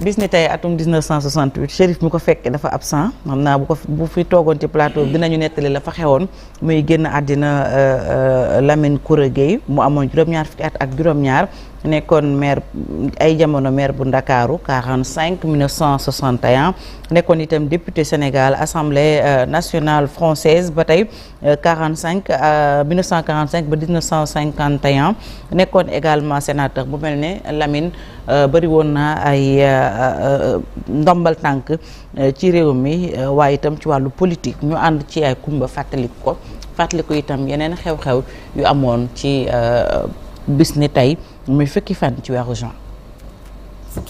bis ni tey atum 1968 Chérif mu ko fekkee dafa absent xam naa bu ko bu fi toogoon ci plateau dinañu nettali la fa xewoon muy génn àddina euh, euh, Lamine Koura Gueye mu amoon juróom-ñaar fukki at ak juróom-ñaar nekkoon maire ay jamono maire bu Ndakaaru 45 1961 nekkoon itam député Sénégal assemblée euh, nationale française ba tey 45 1945 ba 1951 nekkoon également sénateur bu mel ne Lamine bëri woon na ay. Euh, euh, ndombal tànk euh, ci réew mi waaye itam ci wàllu politique ñu ànd ci ay kumba fàttaliku ko fàttaliku itam yeneen xew-xew yu amoon ci bis ni tey muy fukki fan ci weeru juin.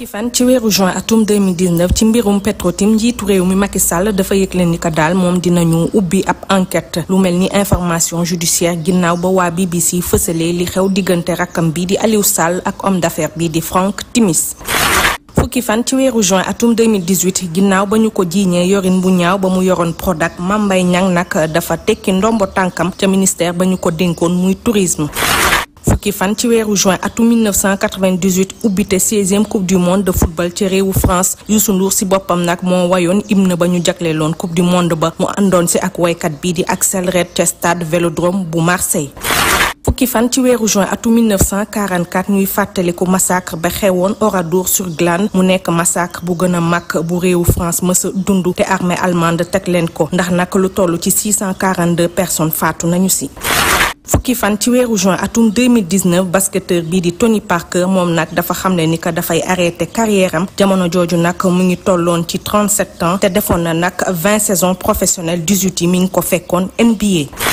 fan ci weeru juin atum 2019 ci mbirum Petrotim njiitu réew mi Macky Sall dafa yëgle ni ko daal moom dinañu ubbi ab enquête lu mel ni information judiciaire ginnaaw ba waa BBC fësalee li xew diggante rakkam bi di Aliou Sall ak homme d'affaires bi di Frank Timis fukki fan ci weeru juin atum 2018 ginnaaw ba ñu ko jiiñee yorin bu ñaaw ba mu yoroon Prodac Mame Mbaye Niang nag dafa tekki ndombo tànkam ca ministère ba ñu ko dénkoon muy tourisme fukki fan ci weeru juin atum 1998 ubbite 16e coupe du monde de football ci réewu France Youssou Ndour si boppam nag moo wayoon hymne ba ñu jagleeloon coupe du monde ba mu àndoon si ak waykat bii di ak Red ca stade Vélodrome bu Marseille fukki fan ci weeru juin atum 1944 ñuy fàttaliku massacre ba xewoon Oradour-sur-Glane mu nekk massacre bu gën a mag bu réewu France mësa dund te armée allemande teg leen ko ndax nag lu toll ci 642 personnes faatu nañu si. fukki fan ci weeru juin atum 2019 basketteur bii di Tony Parker moom nag dafa xam ne ni que dafay arrêté carrière am jamono jooju nag mu ngi tolloon ci 37 ans te defoon na nag 20 saisons professionnelles 18 yi mi ngi ko fekkoon NBA.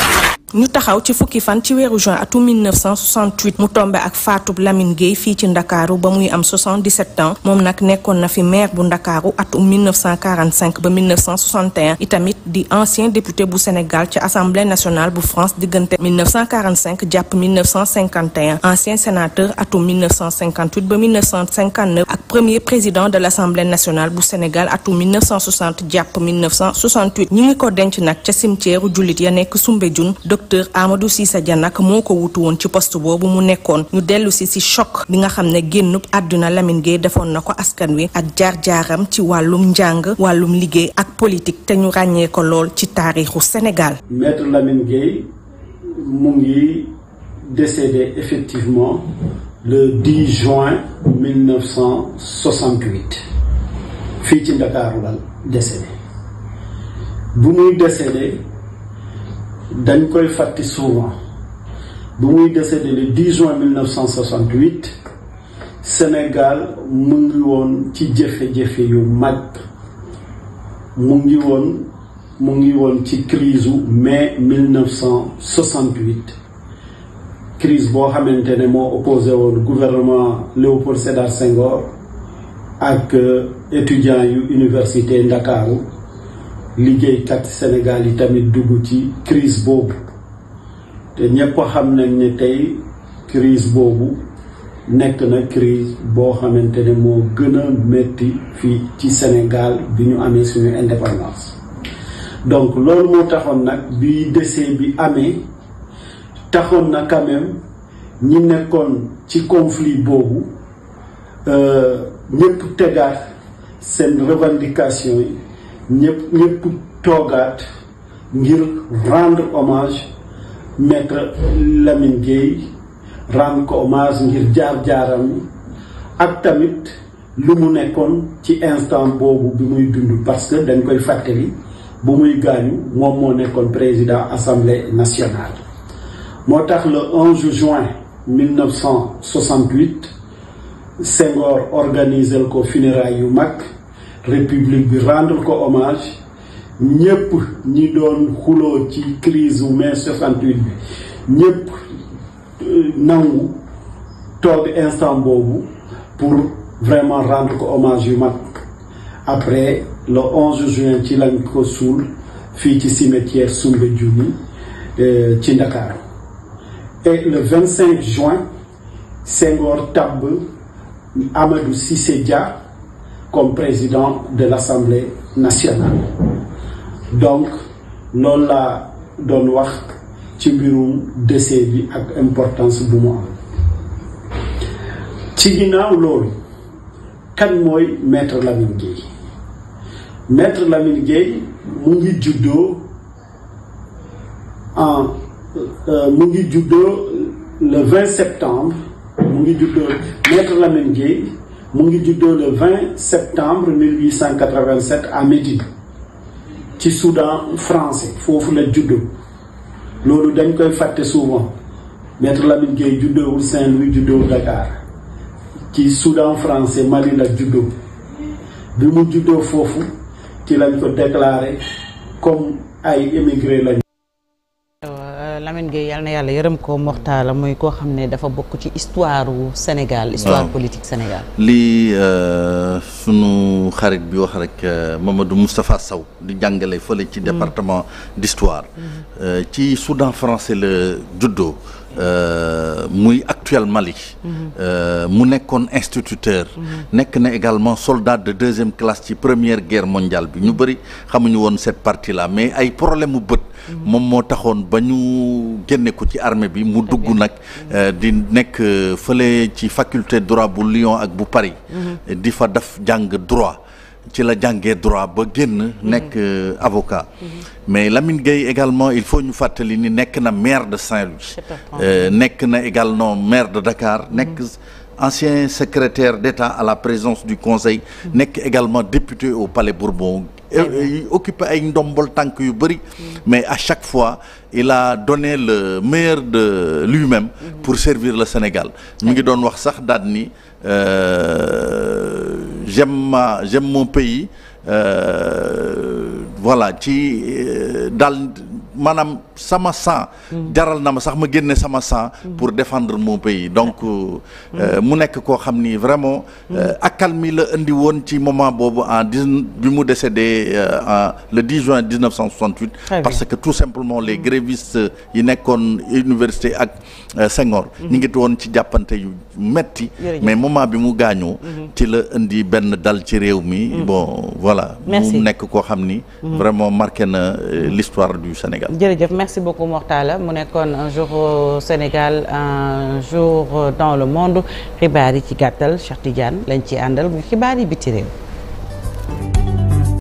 ñu taxaw ci fukki fan ci weeru juin atum 1968 mu tombe ak faatub Lamine Gueye fii ci ndakaaru ba muy am 77 ans moom nag nekkoon na fi maire bu ndakaaru atum 1945 ba 1961 itamit di ancien député bu Sénégal ci assemblée nationale bu France diggante 1945 jàpp 1951 ancien sénateur atum 1958 ba 1959 ak premier président de l' assemblée nationale bu Sénégal atum 1960 jàpp 1968 ñi ngi ko denc nag ca cimetière jullit ya nekk Soumbédioune docteur Amadou Cissé Dia nag moo ko wutu woon ci poste boobu mu nekkoon ñu dellusi si si choc bi nga xam ne génn àdduna Lamine Gueye defoon na ko askan wi ak jaar-jaaram ci wàllum njàng wàllum liggéey ak politique te ñu ràññee ko lool ci taarixu Sénégal. Maître Lamine mu ngi décédé effectivement le juin fii ci Ndakaaru la décédé bu muy décédé. dañ koy fàtti souvent bu muy décédé le 10 juin 1968 Sénégal mu ngi woon ci jafe-jafe yu mag mu ngi woon mu ngi woon ci crise u mai 1968 crise boo xamante ne moo opposé woon gouvernement Léopold Sédar Senghor ak euh, étudiants yu université Ndakaaru liggéeykat Sénégal yi tamit dugg ci crise boobu te ñépp xam nañ ni tey crise boobu nekk na crise boo xamante ne moo gën a metti fii ci Sénégal bi ñu amee suñu indépendance donc loolu moo taxoon nag bi décès bi amee taxoon na quand ñi nekkoon ci conflit boobu euh, ñépp tegaat seen revendication yi ñëpp ñëpp toogaat ngir rendre hommage maître Lamine Gueye ko hommage ngir jaar-jaaram ak tamit lu mu nekkoon ci instant boobu bi muy dund parce que dañ koy fàttali bu muy gaañu moom moo nekkoon président assemblée nationale moo tax le 11 juin 1968 Senghor organiser ko funérailles yu mag république bi rendre ko hommage ñëpp ñi doon xuloo ci crise u mai 68 bi ñëpp euh, nangu toog instant boobu pour vraiment rendre ko hommage yu mag après le 11 juin ci lañ ko suul fii ci cimetière Soumbédioune euh, ci Ndakaaru et le 25 juin Senghor tabb Amadou Cissé Dia comme président de l'Assemblée nationale donc loolu la doon wax ci mbirum décès bi ak importance bu mu am ci ginnaaw loolu kan mooy maître Lamine Gueye maître Lamine Gueye mu ngi juddoo en euh, mu ngi juddoo le 20 septembre mu ngi juddoo maître Lamine Gueye mu ngi juddoo le 20 septembre 1887 à Médine ci Soudan français foofu la juddoo loolu dañ koy fàtte souvent maître la Gueye juddoowul Saint-Louis juddoowul Dakar ci Soudan français Mali la juddoo bi mu juddoo foofu ci lañ ko déclaré comme ay émigré lañ Lamine Gueye yal na yàlla yërëm ko moxtaala mooy koo xam ne dafa bokk ci histoire wu Sénégal histoire politique Sénégal lii euh, sunu xarit bi wax rek euh, Mamadou Moustapha Sow di jàngale fële ci mm. département d'histoire mm-hmm. euh, ci Soudan français la juddoo Euh, muy actuellement Mali. Euh, mu nekkoon instituteur. nekk na également soldat de deuxième classe ci première guerre mondiale bi ñu bëri xamuñu woon cette partie la mais ay problème mu bët. moom moo taxoon ba ñu génne ko ci armée bi mu dugg nag euh, di nekk fële ci faculté droit bu Lyon ak bu Paris. Mhm. di fa def jàng droit. ci la jàngee droit ba génn nekk euh, avocat mm-hmm. mais Lamine Gueye également il faut ñu fàttali ni nekk na maire de Saint-Louis euh, nekk na également maire de Dakar mm-hmm. nekk ancien secrétaire d'État à la présidence du conseil mm-hmm. nekk également député au Palais Bourbon euh, occupé ay ndombol tànk yu bëri mais à chaque fois il a donné le meilleur de lui-même pour servir le Sénégal mi ngi doon wax sax daal ni j'aime ma j'aime mon pays euh, voilà ci euh, daal maanaam sama sang. Mm. jaral na ma sax ma génne sama sang. Mm. pour défendre mon pays donc. Euh, mm. euh, mu nekk koo xam ni vraiment. Euh, accalmie la indi woon ci moment boobu en dix bi mu décédé le 10 juin 1968. Ah parce que tout simplement les grévistes yi nekkoon université ak Senghor. Mm-hmm. ñu ngi woon ci jàppante yu metti mais moment bi mu gaañoo. Mm-hmm. ci la indi benn dal ci réew mi. Mm-hmm. bon voilà. mu nekk koo xam ni. vraiment marqué na l'histoire du Sénégal. jërëjëf merci beaucoup Mortala mu nekkoon un jour Sénégal un jour dans le monde xibaar yi ci gàttal Cheikh Tidiane lañ ci àndal bu xibaar yi biti réew